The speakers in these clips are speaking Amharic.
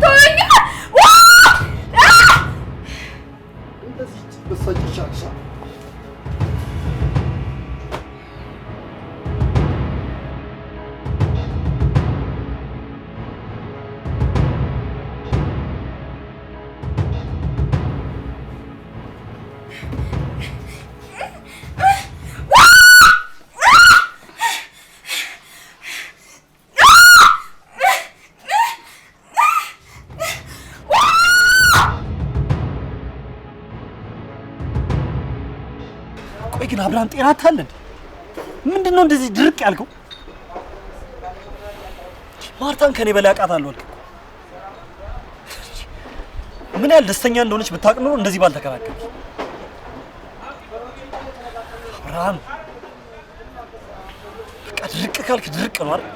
God. ቆይ ግን አብርሃም ጤና ታለን? ምንድን ነው እንደዚህ ድርቅ ያልከው? ማርታን ከኔ በላይ አውቃታለሁ አልክ። ምን ያህል ደስተኛ እንደሆነች ብታውቅ ኖሮ እንደዚህ ባልተከራከርክ። አብርሃም በቃ ድርቅ ካልክ ድርቅ ነው አይደል?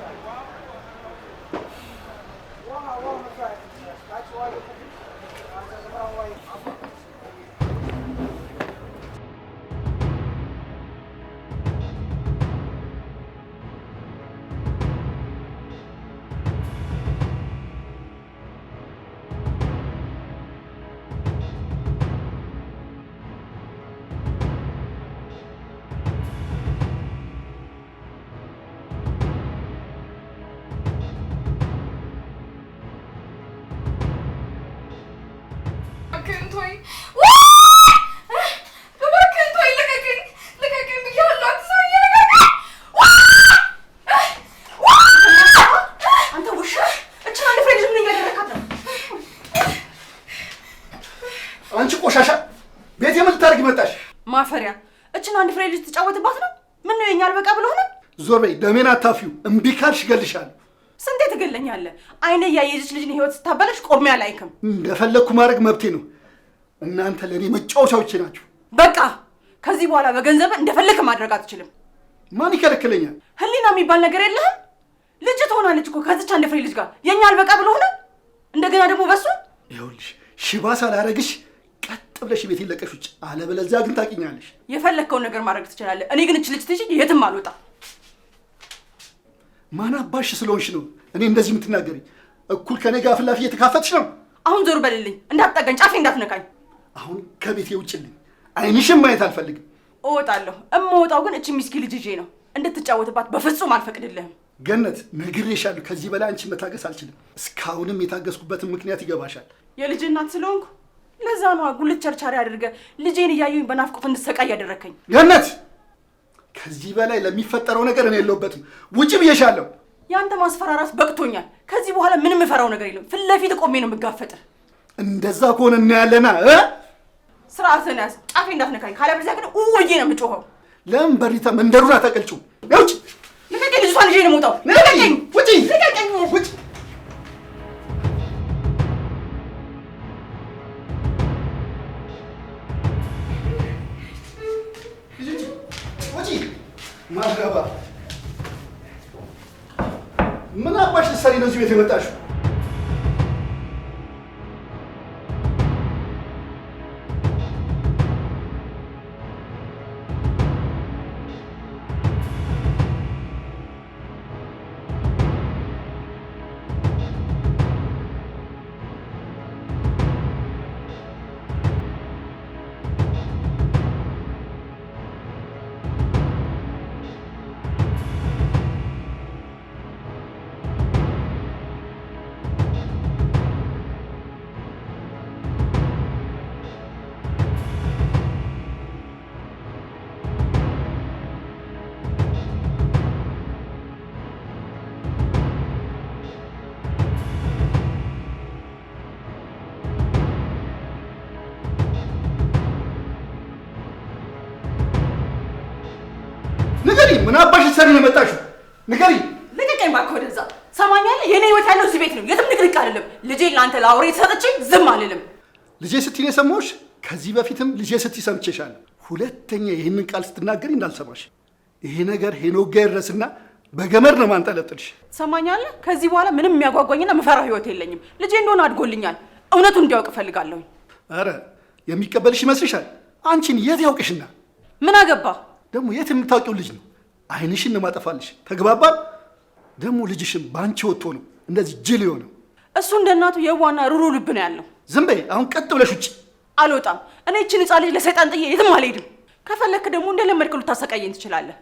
በይ፣ ደሜን አታፊው። እምቢ ካልሽ እገልሻለሁ። ስንቴ ትገለኛለህ? አይነ እያየዝች ልጅን ህይወት ስታበለሽ ቆሜ አላይክም። እንደፈለግኩ ማድረግ መብቴ ነው። እናንተ ለእኔ መጫወቻዎቼ ናችሁ። በቃ ከዚህ በኋላ በገንዘብ እንደፈለክ ማድረግ አትችልም። ማን ይከለክለኛል? ህሊና የሚባል ነገር የለህም። ልጅ ትሆናለች እኮ ከዚች አንድ ፍሬ ልጅ ጋር የኛ አልበቃ ብሎ ሆነ። እንደገና ደግሞ በሱ ይኸውልሽ፣ ሽባ ሳላረግሽ ቀጥ ብለሽ ቤት ለቀሽ ውጭ፣ አለበለዚያ ግን ታውቂኛለሽ። የፈለግከውን ነገር ማድረግ ትችላለህ። እኔ ግን እች ልጅ ትይኝ የትም አልወጣ ማን አባሽ ስለሆንሽ ነው እኔ እንደዚህ የምትናገሪ? እኩል ከኔ ጋር ፍላፊ እየተካፈትሽ ነው። አሁን ዞር በልልኝ፣ እንዳትጠገኝ ጫፌ እንዳትነካኝ። አሁን ከቤቴ ውጭልኝ፣ አይንሽም ማየት አልፈልግም። እወጣለሁ። እምወጣው ግን እቺ ሚስኪ ልጅ ይዤ ነው። እንድትጫወትባት በፍጹም አልፈቅድልህም። ገነት ነግሬሻለሁ፣ ከዚህ በላይ አንቺን መታገስ አልችልም። እስካሁንም የታገስኩበትን ምክንያት ይገባሻል። የልጅ እናት ስለሆንኩ ለዛ ነው ጉልት ቸርቻሪ አድርገ ልጄን እያየኝ በናፍቆት እንድሰቃይ ያደረከኝ ገነት ከዚህ በላይ ለሚፈጠረው ነገር እኔ የለሁበትም። ውጭ ብዬሻለሁ። ያንተ ማስፈራራት በቅቶኛል። ከዚህ በኋላ ምንም የምፈራው ነገር የለም። ፊት ለፊት ቆሜ ነው የምጋፈጥ። እንደዛ ከሆነ እናያለና ስርዓትን ያዝ። ጣፌ እንዳትነካኝ፣ ካለበለዚያ ግን ውዬ ነው የምጮኸው። ለምን በሪታ መንደሩን አታቀልጩ? ውጭ! ልቀቀኝ! ልጅቷን ይዤ ነው የምወጣው። ልቀቀኝ! ውጭ! ልቀቀኝ! ውጭ! ማገባ ምን አባሽ ልትሰሪ ነው እዚህ ቤት የመጣሽው? ልትሰሪ ነው የመጣሽው? ንገሪ። ልቀቀኝ እባክህ ወደዛ። ሰማኛለህ? የኔ ህይወት ያለው እዚህ ቤት ነው። የትም ንቅንቅ አይደለም። ልጄ ለአንተ ለአውሬ ሰጥቼ ዝም አልልም። ልጄ ስትይ ነው የሰማሁሽ። ከዚህ በፊትም ልጄ ስትይ ሰምቼሻለሁ። ሁለተኛ ይህንን ቃል ስትናገሪ እንዳልሰማሽ። ይሄ ነገር ሄኖክ ጋር ይድረስና በገመድ ነው ማንጠለጥልሽ። ሰማኛለህ? ከዚህ በኋላ ምንም የሚያጓጓኝና የምፈራው ህይወት የለኝም። ልጄ እንደሆነ አድጎልኛል። እውነቱ እንዲያውቅ እፈልጋለሁ። አረ የሚቀበልሽ ይመስልሻል? አንቺን የት ያውቅሽና? ምን አገባ ደግሞ የት የምታውቂው ልጅ ነው አይንሽን ማጠፋልሽ። ተግባባል። ደግሞ ልጅሽን በአንቺ ወጥቶ ነው እንደዚህ ጅል የሆነው። እሱ እንደ እናቱ የዋና ሩሩ ልብ ነው ያለው። ዝም በይ አሁን፣ ቀጥ ብለሽ ውጭ። አልወጣም። እኔ ይችን ህፃን ልጅ ለሰይጣን ጥዬ የትም አልሄድም። ከፈለክ ደግሞ እንደ እንደለመድክ ልታሰቃየኝ ትችላለህ።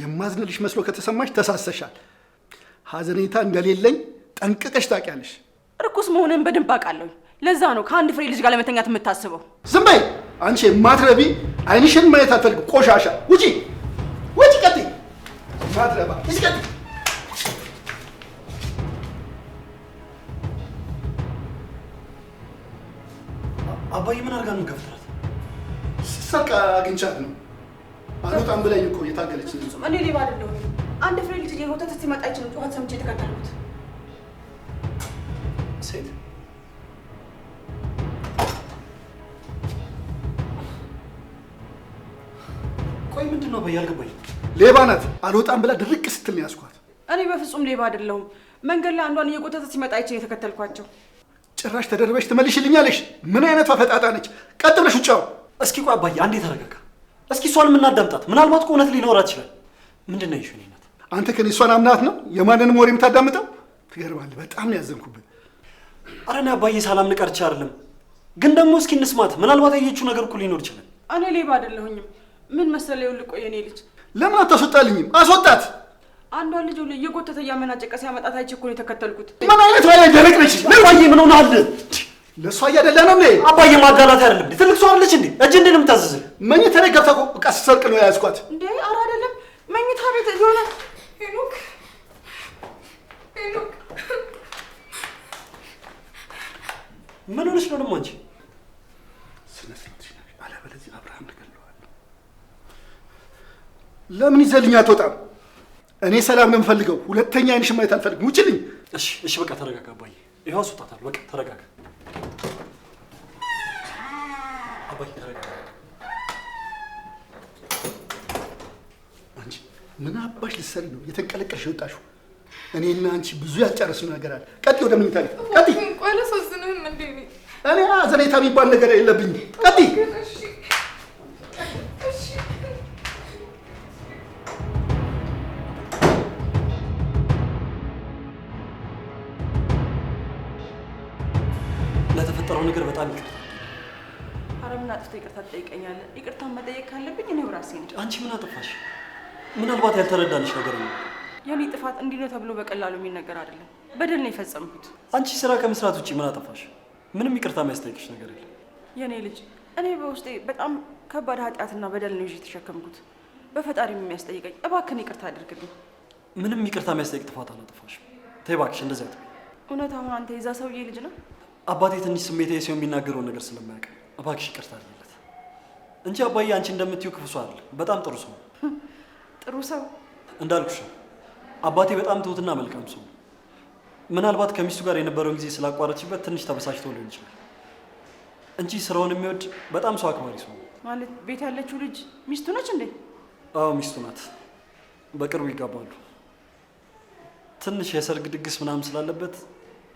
የማዝንልሽ መስሎ ከተሰማሽ ተሳሰሻል። ሀዘኔታ እንደሌለኝ ጠንቅቀሽ ታውቂያለሽ። ርኩስ መሆንን በደንብ አውቃለሁ። ለዛ ነው ከአንድ ፍሬ ልጅ ጋር ለመተኛት የምታስበው። ዝም በይ አንቺ የማትረቢ አይንሽን ማየት አትፈልግ ቆሻሻ ውጪ። ማትረባ ይስቀጥ አባዬ ምን አድርጋ ነው ገፍትራት? ስትሰርቅ አግኝቻት ነው። አልወጣም ብላኝ እኮ የታገለች እኔ ሌባ አይደለሁም። አንድ ፍሬ ልጅ እየሮጠ ስትመጣ ይችላል ጩኸት ሰምቼ የተከተልኩት ሴት ቆይ ምንድን ነው አባዬ አልገባኝ ሌባ ናት። አልወጣም ብላ ድርቅ ስትል ነው ያዝኳት። እኔ በፍጹም ሌባ አይደለሁም። መንገድ ላይ አንዷን እየጎተተ ሲመጣ አይቼ የተከተልኳቸው። ጭራሽ ተደርበሽ ትመልሽልኛለሽ? ምን አይነቷ ፈጣጣ ነች? ቀጥ ብለሽ ውጫው። እስኪ ቆይ አባዬ አንዴ ተረጋጋ። እስኪ እሷን የምናዳምጣት ምናልባት እኮ እውነት ሊኖራት ይችላል። ምንድን ነው ይሽ ይነት አንተ ከኔ እሷን አምናት ነው የማንንም ወሬ የምታዳምጠው? ትገርማለህ። በጣም ነው ያዘንኩብን። ኧረ እኔ አባዬ ሳላምን ቀርቼ አይደለም፣ ግን ደግሞ እስኪ እንስማት። ምናልባት ያየችው ነገር እኮ ሊኖር ይችላል። እኔ ሌባ አይደለሁኝም። ምን መሰለ ይኸውልህ፣ ቆይ የኔ ልጅ ለምን አታስወጣልኝም? አስወጣት። አንዷ ልጅ ሁሉ እየጎተተ እያመናጨቀ ሲያመጣት አይቼ እኮ ነው የተከተልኩት። ምን አይነት ዋያ ደረቅ ነች! ለባዬ ምን ሆነ አለ ለእሷ እያደለ ነው እንዴ? አባዬ ማጋላት አይደለም እንዴ? ትልቅ ሰው አለች እንዴ? እጅ እንድን የምታዘዝ መኝታ ላይ ገብታ እቃ ስትሰርቅ ነው የያዝኳት እንዴ? ኧረ አይደለም መኝታ ቤት ሆነ ሄኖክ፣ ሄኖክ ምን ሆነሽ ነው ደግሞ አንቺ? ስነ ስርዓት አለበለዚህ አብርሃም ነገር ለምን ይዘልኝ አትወጣም? እኔ ሰላም ነው የምፈልገው። ሁለተኛ አይንሽ ማየት አልፈልግም። ውጭልኝ። እሺ፣ እሺ፣ በቃ ተረጋጋ አባዬ። ይኸው አስወጣታል። በቃ ተረጋጋ አባዬ፣ ተረጋጋ። አንቺ ምን አባሽ ልትሰሪ ነው? የተንቀለቀልሽ የወጣሽው? እኔና አንቺ ብዙ ያጨረስነው ነገር አለ። ቀጥይ፣ ወደ መኝታ ቤት ቀጥይ። ቆይ አላሳዝንህም እንዴ? እኔ አዘኔታ የሚባል ነገር የለብኝ። ቀጥይ ለተፈጠረው ነገር በጣም ይቅርታ። አረ ምን አጥፍቶ ይቅርታ ትጠይቀኛለህ? ይቅርታን መጠየቅ ካለብኝ እኔው ራሴ ነኝ። አንቺ ምን አጠፋሽ? ምናልባት ያልተረዳንሽ ነገር ነው። የኔ ጥፋት እንዲህ ነው ተብሎ በቀላሉ የሚነገር አይደለም። በደል ነው የፈጸምኩት። አንቺ ስራ ከመስራት ውጭ ምን አጠፋሽ? ምንም ይቅርታ የሚያስጠይቅሽ ነገር የለም። የእኔ ልጅ፣ እኔ በውስጤ በጣም ከባድ ኃጢአትና በደል ነው ይዤ የተሸከምኩት። በፈጣሪ የሚያስጠይቀኝ እባክን ይቅርታ አድርግልኝ። ምንም ይቅርታ የሚያስጠይቅ ጥፋት አላጠፋሽ። ተይ እባክሽ እንደዚያ። እውነት አሁን አንተ የዛ ሰውዬ ልጅ ነው አባቴ ትንሽ ስሜታዊ ሲሆን የሚናገረውን ነገር ስለማያውቅ እባክሽ ይቅርታ አድርጊለት እንጂ አባዬ አንቺ እንደምትዩ ክፉ ሰው አይደል። በጣም ጥሩ ሰው ጥሩ ሰው እንዳልኩሽ አባቴ በጣም ትሁትና መልካም ሰው። ምናልባት ከሚስቱ ጋር የነበረውን ጊዜ ስላቋረችበት ትንሽ ተበሳጭቶ ሊሆን ይችላል እንጂ ስራውን የሚወድ በጣም ሰው አክባሪ ሰው። ማለት ቤት ያለችው ልጅ ሚስቱ ነች እንዴ? አዎ ሚስቱ ናት። በቅርቡ ይጋባሉ። ትንሽ የሰርግ ድግስ ምናምን ስላለበት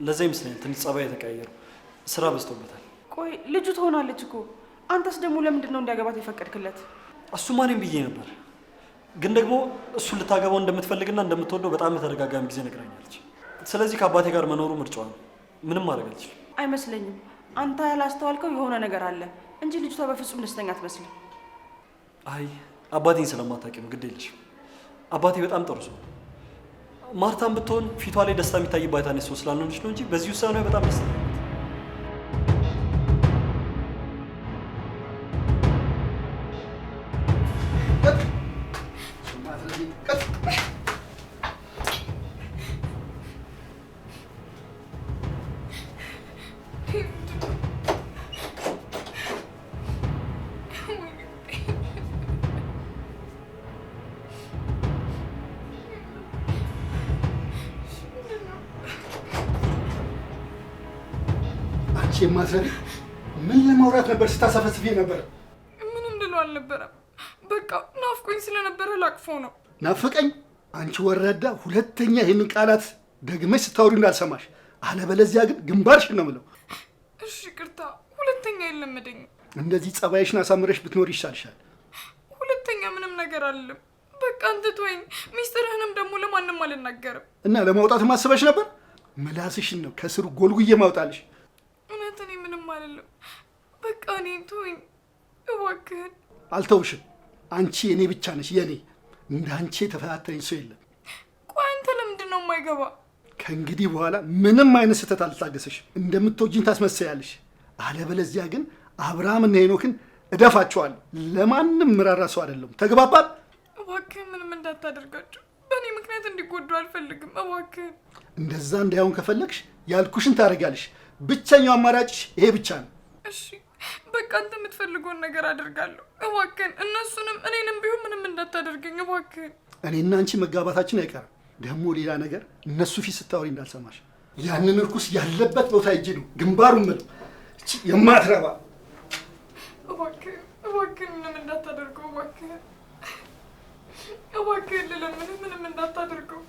ለዛ ይመስለኛል ትንሽ ጸባይ የተቀያየረው ስራ በዝቶበታል። ቆይ ልጁ ትሆናለች እኮ አንተስ ደግሞ ለምንድን ነው እንዲያገባት የፈቀድክለት? እሱ ማንም ብዬ ነበር፣ ግን ደግሞ እሱን ልታገባው እንደምትፈልግና እንደምትወደው በጣም በተደጋጋሚ ጊዜ ነግራኛለች። ስለዚህ ከአባቴ ጋር መኖሩ ምርጫዋ ነው። ምንም ማድረግ አልችልም። አይመስለኝም። አንተ ያላስተዋልከው የሆነ ነገር አለ እንጂ ልጅቷ በፍጹም ደስተኛ አትመስልም። አይ አባቴን ስለማታውቂ ነው። ግድ የለሽም። አባቴ በጣም ጥሩ ሰው ማርታን ብትሆን ፊቷ ላይ ደስታ የሚታይባት አይነት ሰው ስላልሆነች ነው እንጂ በዚህ ውሳኔ በጣም ደስ ማስረድ ምን ለማውራት ነበር ስታሰፈስፊ ነበር? ምንም ልለው አልነበረም። በቃ ናፍቆኝ ስለነበረ ላቅፎ ነው። ናፍቀኝ? አንቺ ወረዳ፣ ሁለተኛ ይህንን ቃላት ደግመሽ ስታወሪ እንዳልሰማሽ፣ አለበለዚያ ግን ግንባርሽን ነው የምለው። እሺ ቅርታ፣ ሁለተኛ የለመደኝ። እንደዚህ ጸባይሽን አሳምረሽ ብትኖር ይሻልሻል። ሁለተኛ ምንም ነገር አለም። በቃ እንትትወኝ። ሚስጥርህንም ደግሞ ለማንም አልናገርም። እና ለማውጣት ማስበሽ ነበር? ምላስሽን ነው ከስሩ ጎልጉዬ ማውጣልሽ። በቃ እኔን ተወኝ እባክህን። አልተውሽም። አንቺ የእኔ ብቻ ነሽ የእኔ። እንደ አንቺ የተፈታተነኝ ሰው የለም። ቆይ አንተ ለምንድን ነው የማይገባ? ከእንግዲህ በኋላ ምንም አይነት ስህተት አልታገሰሽም። እንደምትወጂኝ ታስመሰያለሽ። አለበለዚያ ግን አብርሃም እና ሄኖክን እደፋቸዋለሁ። ለማንም ምራራ ሰው አይደለም ተግባባል? እባክህ ምንም እንዳታደርጋቸው። በእኔ ምክንያት እንዲጎዱ አልፈልግም። እባክህ እንደዛ እንዳይሆን ከፈለግሽ ያልኩሽን ታደርጋለሽ። ብቸኛው አማራጭ ይሄ ብቻ ነው። እሺ በቃ አንተ የምትፈልገውን ነገር አድርጋለሁ። እባክህን እነሱንም እኔንም ቢሆን ምንም እንዳታደርገኝ እባክህን። እኔ እና አንቺ መጋባታችን አይቀርም። ደግሞ ሌላ ነገር እነሱ ፊት ስታወሪ እንዳልሰማሽ። ያንን እርኩስ ያለበት ቦታ ሂጅ ነው ግንባሩን ምለው የማትረባ እባክህን፣ እባክህን ምንም እንዳታደርገው እባክህን፣ እባክህን ልለምን ምንም እንዳታደርገው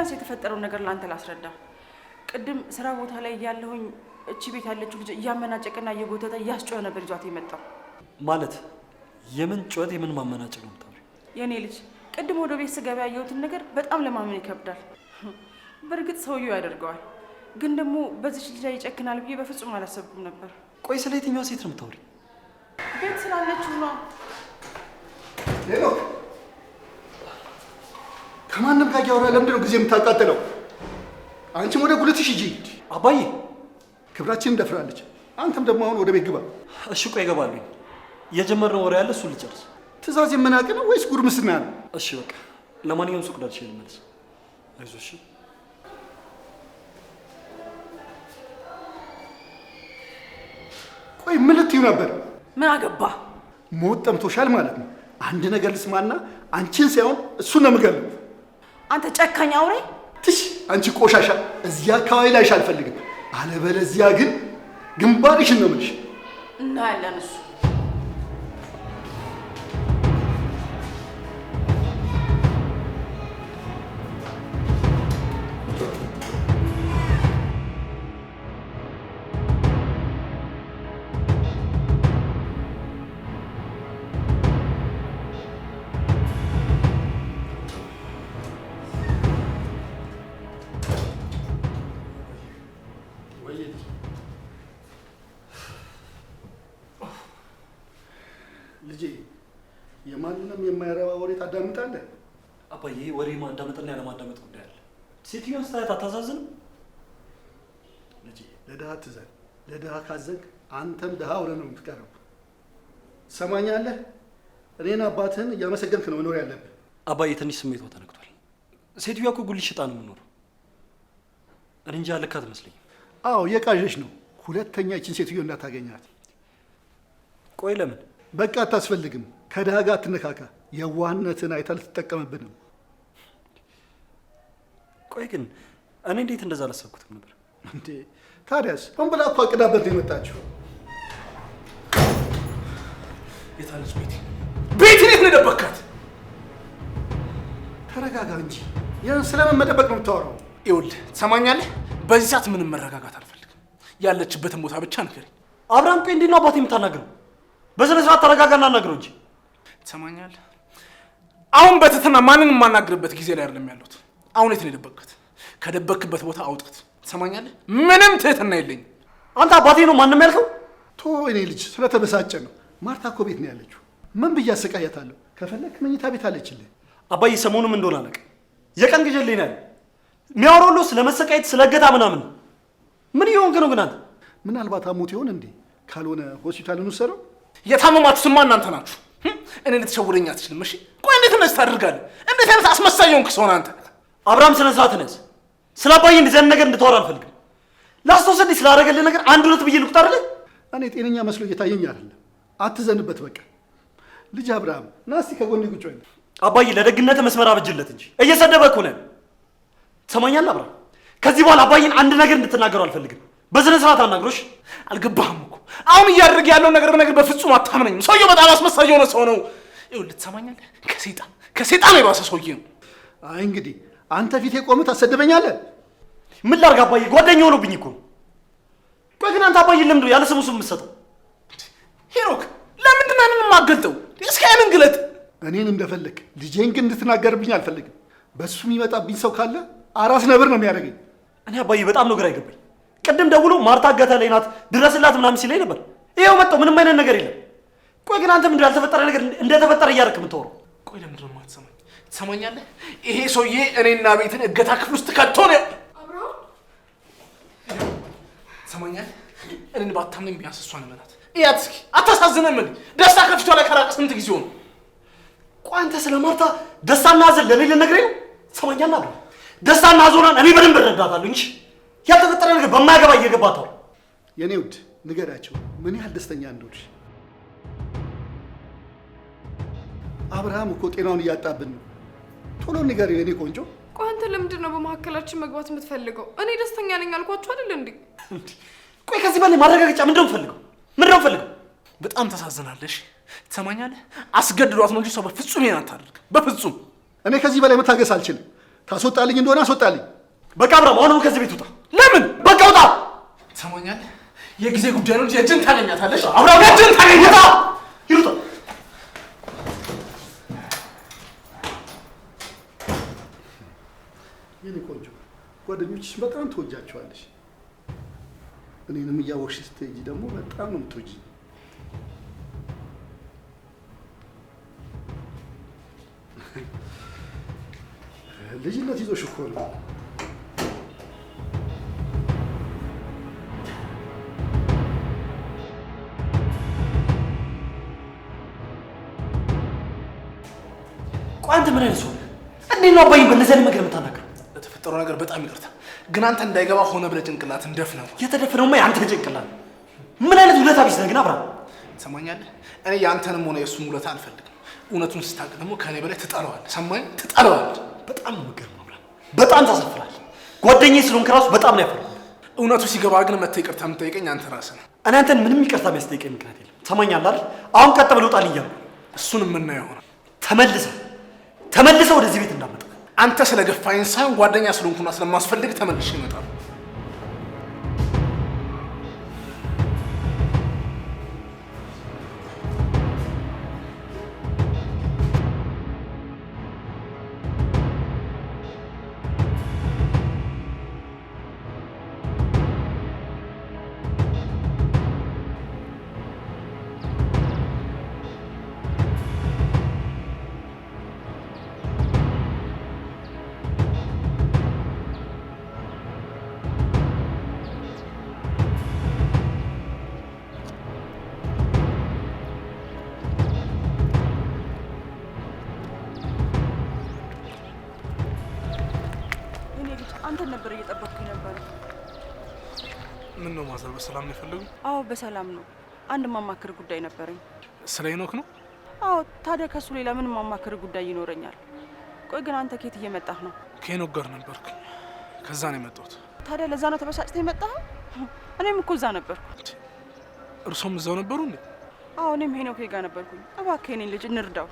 ቢያንስ የተፈጠረውን ነገር ለአንተ ላስረዳ። ቅድም ስራ ቦታ ላይ ያለሁኝ እቺ ቤት ያለችው ልጅ እያመናጨቅና እየጎተተ እያስጮኸ ነበር ይዟት የመጣው። ማለት የምን ጩኸት የምን ማመናጨቅ ነው? የእኔ ልጅ ቅድም ወደ ቤት ስገባ ያየሁትን ነገር በጣም ለማመን ይከብዳል። በእርግጥ ሰውየው ያደርገዋል፣ ግን ደግሞ በዚች ልጅ ላይ ይጨክናል ብዬ በፍጹም አላሰብኩም ነበር። ቆይ ስለ የትኛዋ ሴት ነው የምታወሪ? ቤት ስላለችው ነው። ከማንም ጋር ያወራ። ለምንድን ነው ጊዜ የምታቃጥለው? አንቺም ወደ ጉልትሽ ሂጂ። አባዬ ክብራችን እንደፍራለች። አንተም ደግሞ አሁን ወደ ቤት ግባ። እሺ ቆይ እገባለሁ። የጀመርነው ወሬ ያለ እሱ ልጨርስ። ትእዛዝ የምናቅ ነው ወይስ ጉርምስና ነው? እሺ በቃ ለማንኛውም ሱቅ ደርሼ ልመለስ። አይዞሽ ቆይ ምን ልትዩ ነበር? ምን አገባ? ሞት ጠምቶሻል ማለት ነው። አንድ ነገር ልስማና አንቺን ሳይሆን እሱን ነው የምገለው። አንተ ጨካኝ አውሬ! ትሽ አንቺ ቆሻሻ! እዚህ አካባቢ ላይሽ አልፈልግም። አለበለዚያ ግን ግንባርሽን ነው የምልሽ። እናያለን እሱ ታዳምጣለህ? አባዬ ወሬ ማዳመጥና ያለማዳመጥ ጉዳይ አለ። ሴትዮን ስታያት አታሳዝንም? ልጄ ለድሃ አትዘን። ለድሃ ካዘንክ አንተም ድሃ ሆነህ ነው የምትቀረው። ትሰማኛለህ? እኔን አባትህን እያመሰገንክ ነው መኖር ያለብህ። አባዬ ትንሽ ስሜቷ ተነክቷል። ሴትዮዋ እኮ ጉልሽ ሽጣ ነው የምኖረው። እኔ እንጃ ልክ አትመስለኝም። አዎ የቃዠች ነው። ሁለተኛ ይችን ሴትዮ እንዳታገኛት። ቆይ ለምን? በቃ አታስፈልግም። ከድሃ ጋር አትነካካ። የዋህነትን አይታ ልትጠቀምብንም። ቆይ ግን እኔ እንዴት እንደዛ አላሰብኩትም ነበር እንዴ? ታዲያስ ሆን ብላ እኮ አቅዳበት ነው የመጣችው። የታለች ቤቲ? ቤቲ የት ነው የደበካት? ተረጋጋ እንጂ ያን ስለምን መደበቅ ነው የምታወራው? ይኸውልህ ትሰማኛለህ? በዚህ ሰዓት ምንም መረጋጋት አልፈልግም። ያለችበትን ቦታ ብቻ ንገረኝ። አብርሃም ቆይ እንዴት ነው አባቴ የምታናግረው? በስነ ስርዓት ተረጋጋ እናናግረው እንጂ ትሰማኛለህ? አሁን በትትና ማንን የማናግርበት ጊዜ ላይ አይደለም ያሉት። አሁን የት ነው የደበቅከት? ቦታ አውጣት። ትሰማኛለህ? ምንም ትህትና የለኝ አንተ አባቴ ነው ማንም ያልከው? ቶ እኔ ልጅ ስለተበሳጨ ነው። ማርታ እኮ ቤት ነው ያለችው። ምን ብዬ አሰቃያታለሁ? ከፈለክ መኝታ ቤት አለችልህ። አባዬ ሰሞኑን እንደሆነ አለቅ የቀን ግጀልኝ ነው የሚያወራው ስለ መሰቃየት ስለ እገታ ምናምን። ምን እየሆንክ ነው ግን አንተ? ምናልባት አሞት ይሆን እንዴ? ካልሆነ ሆስፒታል ሆስፒታልን ውሰደው። ስማ እናንተ ናችሁ። እኔ ልትሸውደኝ አትችልም። እሺ ቆይ እንዴት እንደዚህ ታደርጋለህ? እንዴት አይነት አስመሳይ ሆንክ ሰው አንተ። አብርሃም ስነ ስርዓት ነህ። ስለ አባዬ እንደዚህ አይነት ነገር እንድታወራ አልፈልግም። ላስተወሰደኝ ስላደረገልህ ነገር አንድ ሁለት ብዬ ልቁጥ አይደለ? እኔ ጤነኛ መስሎ እየታየኝ አይደለም። አትዘንበት በቃ። ልጅ አብርሃም ና እስኪ ከጎኔ ቁጭ በል። አባዬ ለደግነት መስመር አብጅለት እንጂ እየሰደበህ እኮ ነህ። ትሰማኛለህ አብርሃም? ከዚህ በኋላ አባዬን አንድ ነገር እንድትናገረው አልፈልግም። በስነ ስርዓት አናግሮሽ። አልገባህም አሁን እያደረገ ያለው ነገር ነገር በፍጹም አታምነኝም። ሰውየው በጣም አስመሳይ የሆነ ሰው ነው። ይኸውልህ ልትሰማኛለህ? ከሴጣን ከሴጣን የባሰ ሰውዬ ነው። አይ እንግዲህ አንተ ፊት የቆመህ ታሰድበኛለህ። ምን ላድርግ አባዬ፣ ጓደኛ ሆኖብኝ እኮ። ቆይ ግን አንተ አባዬ ለምንድን ያለ ስሙ ስም የምትሰጠው? ሄሮክ፣ ለምንድን ነው ያንን የማገልጠው? እስኪ አይንን ግለጥ። እኔን እንደፈለግ ልጄን ግን እንድትናገርብኝ አልፈልግም። በሱ የሚመጣብኝ ሰው ካለ አራስ ነብር ነው የሚያደርገኝ። እኔ አባዬ በጣም ነው ግራ አይገባኝ ቅድም ደውሎ ማርታ አጋታለኝ ናት ድረስላት ምናምን ሲለኝ ነበር። ይኸው መጣሁ። ምንም አይነት ነገር የለም። ቆይ ግን አንተ ምንድን ያልተፈጠረ ነገር እንደተፈጠረ እያደረክ የምታወራው? ቆይ ለምንድን ነው የማትሰማኝ? ትሰማኛለህ? ይሄ ሰውዬ እኔና ቤትን እገታ ክፍል ውስጥ ከቶ ነው። ትሰማኛለህ? እኔን ባታምንም ቢያንስ እሷን እመናት። እያት እስኪ አታሳዝንም? እንደ ደስታ ከፊቷ ላይ ከራቀ ስንት ጊዜ ሆነ? ቆይ አንተ ስለ ማርታ ደስታና ሐዘን ለሌለ ነገር ነው? ትሰማኛለህ? ደስታና ሐዘኗን እኔ በደንብ እረዳታለሁ እንጂ ያልተፈጠረ ነገር በማያገባ እየገባታው የኔ ውድ ንገዳቸው ምን ያህል ደስተኛ እንደሆንሽ። አብርሃም እኮ ጤናውን እያጣብን ነው። ቶሎ ንገር የኔ ቆንጆ። ቆይ አንተ ለምንድን ነው በመካከላችን መግባት የምትፈልገው? እኔ ደስተኛ ነኝ አልኳቸው አይደል እንዴ? ቆይ ከዚህ በላይ ማረጋገጫ ምንድነው የምፈልገው? ምንድነው የምፈልገው? በጣም ተሳዝናለሽ። ትሰማኛለህ? አስገድዷት ነው እንጂ ሰው በፍጹም ይሄን አታደርግ። በፍጹም እኔ ከዚህ በላይ መታገስ አልችልም። ታስወጣልኝ እንደሆነ አስወጣልኝ። በቃ አብርሃም አሁን ከዚህ ቤት ውጣ። ለምን በቃ ውጣ። ሰማኛል። የጊዜ ጉዳይ ነው እንጂ እጅን ታገኛታለሽ። አሁን አሁን እጅን ታገኛታ ይሩጣ የኔ ቆንጆ ጓደኞችሽ በጣም ትወጃቸዋለሽ። እኔንም እያወቅሽ ስትሄጂ ደግሞ በጣም ነው የምትወጂ። ልጅነት ይዞሽ እኮ ነው አንተ ምን አይነት ሰው እንዴት ነው አባዬ በእንደዚህ አይነት ነገር የምታናግረው? ለተፈጠረው ነገር በጣም ይቅርታ፣ ግን አንተ እንዳይገባ ሆነ ብለህ ጭንቅላት እንደፍነው። የተደፈነውማ የአንተ ጭንቅላት። ምን አይነት ውለታ ቢስ ነህ ግን አብራ። ትሰማኛለህ? እኔ የአንተንም ሆነ የእሱን ውለታ አልፈልግም። እውነቱን ስታውቅ ደግሞ ከእኔ በላይ ትጠለዋለህ። ሰማኸኝ? ትጠለዋለህ። በጣም የምገርም ነው። በጣም ታሳፍራለህ። ጓደኛዬ ስለሆንክ እራሱ በጣም ነው ያፈራል። እውነቱ ሲገባ ግን መተህ ይቅርታ የምጠይቀኝ አንተ ራስህ ነህ። እኔ አንተን ምንም ይቅርታ የሚያስጠይቀኝ ምክንያት የለም። ትሰማኛለህ አይደል? አሁን ቀጥ ብለውጣል ውጣልኝ እያልኩ እሱን የምናየው ሆነ ተመልሰህ ተመልሰው ወደዚህ ቤት እንዳመጣ አንተ ስለገፋኝ ሳይሆን ጓደኛ ስለሆንኩና ስለማስፈልግ ተመልሼ እመጣለሁ። በሰላም ነው የፈለጉኝ? አዎ በሰላም ነው። አንድ ማማክር ጉዳይ ነበረኝ። ስለ ሄኖክ ነው? አዎ። ታዲያ ከሱ ሌላ ምን ማማክር ጉዳይ ይኖረኛል? ቆይ ግን አንተ ከየት እየመጣህ ነው? ከሄኖክ ጋር ነበርክ? ከዛ ነው የመጣሁት። ታዲያ ለዛ ነው ተበሳጭተ የመጣህ? እኔም እኮ እዛ ነበርኩ። እርሶም እዛው ነበሩ እንዴ? አዎ እኔም ሄኖክ ጋር ነበርኩኝ። እባክህ የኔን ልጅ እንርዳው።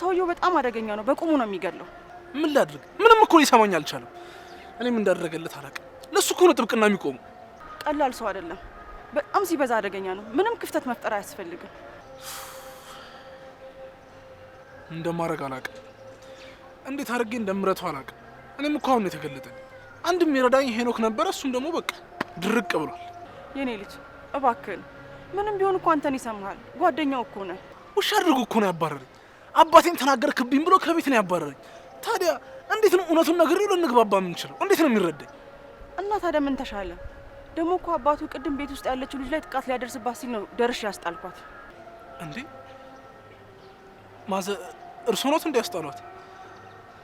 ሰውየው በጣም አደገኛ ነው። በቁሙ ነው የሚገድለው። ምን ላድርግ? ምንም እኮ ሊሰማኝ አልቻለም። እኔም እንዳደረገለት አላውቅም። ለሱ እኮ ነው ጥብቅና የሚቆሙ። ቀላል ሰው አይደለም። በጣም ሲበዛ አደገኛ ነው። ምንም ክፍተት መፍጠር አያስፈልግም። እንደማድረግ አላውቅም። እንዴት አድርጌ እንደምረተው አላውቅም። እኔም እኮ አሁን የተገለጠኝ አንድ የሚረዳኝ ሄኖክ ነበረ። እሱም ደግሞ በቃ ድርቅ ብሏል። የኔ ልጅ እባክህን፣ ምንም ቢሆን እኮ አንተን ይሰማሃል። ጓደኛው እኮ ውሽ ውሻ አድርጉ እኮ ነው ያባረረኝ። አባቴን ተናገርክብኝ ብሎ ከቤት ነው ያባረረኝ። ታዲያ እንዴት ነው እውነቱን ነገር ልንግባባ የምንችለው? እንዴት ነው የሚረዳኝ? እና ታዲያ ምን ተሻለ? ደግሞ እኮ አባቱ ቅድም ቤት ውስጥ ያለችው ልጅ ላይ ጥቃት ሊያደርስባት ሲል ነው ደርሽ ያስጣልኳት። እንዴ ማዘር፣ እርስዎ ኖት እንዲ ያስጣሏት?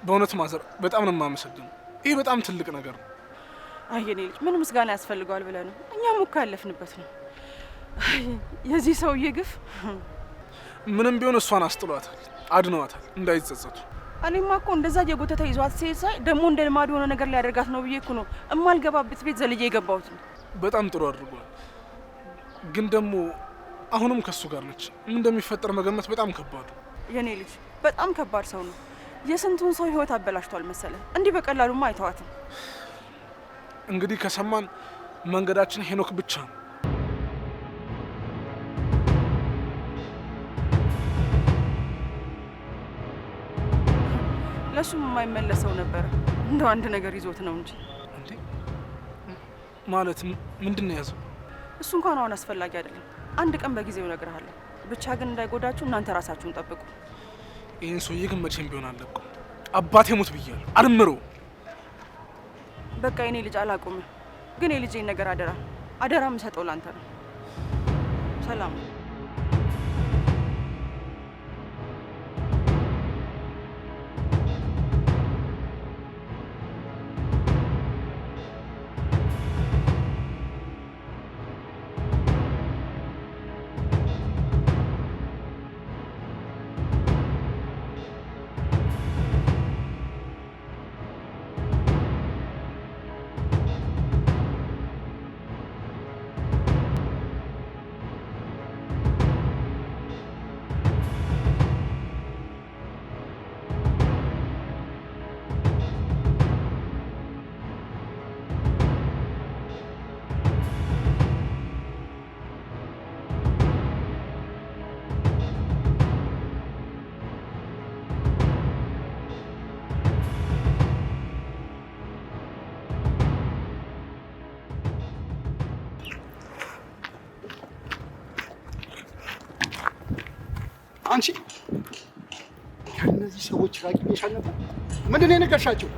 በእውነት ማዘር በጣም ነው የማመሰግነው። ይህ በጣም ትልቅ ነገር ነው። አይ የኔ ልጅ ምን ምስጋና ያስፈልገዋል ብለህ ነው? እኛም እኮ ያለፍንበት ነው። የዚህ ሰውዬ ግፍ ምንም ቢሆን እሷን አስጥሏታል፣ አድነዋታል እንዳይጸጸቱ። እኔማ እኮ እንደዛ የጎተተ ይዟት ሲሄድ ሳይ ደግሞ እንደ ልማድ የሆነ ነገር ሊያደርጋት ነው ብዬ እኮ ነው እማልገባበት ቤት ዘልዬ የገባሁት ነው። በጣም ጥሩ አድርጓል። ግን ደግሞ አሁንም ከሱ ጋር ነች። ምን እንደሚፈጠር መገመት በጣም ከባድ። የኔ ልጅ በጣም ከባድ ሰው ነው። የስንቱን ሰው ህይወት አበላሽቷል መሰለ። እንዲህ በቀላሉማ አይተዋትም። እንግዲህ ከሰማን መንገዳችን ሄኖክ ብቻ ነው። ለሱም የማይመለሰው ነበር። እንደው አንድ ነገር ይዞት ነው እንጂ ማለት ምንድን ነው እሱ እንኳን አሁን አስፈላጊ አይደለም። አንድ ቀን በጊዜው እነግርሃለሁ። ብቻ ግን እንዳይጎዳችሁ እናንተ ራሳችሁን ጠብቁ። ይህን ሰውዬ ግን መቼም ቢሆን አለብቁ። አባቴ ሞት ብያለሁ። አድምሮ በቃ የኔ ልጅ አላቁም። ግን የልጄን ነገር አደራ አደራ የምሰጠው ላንተ ነው። ሰላም ሰዎች ራቂ ብዬሽ አልነበር? ምንድን ነው የነገርሻቸው?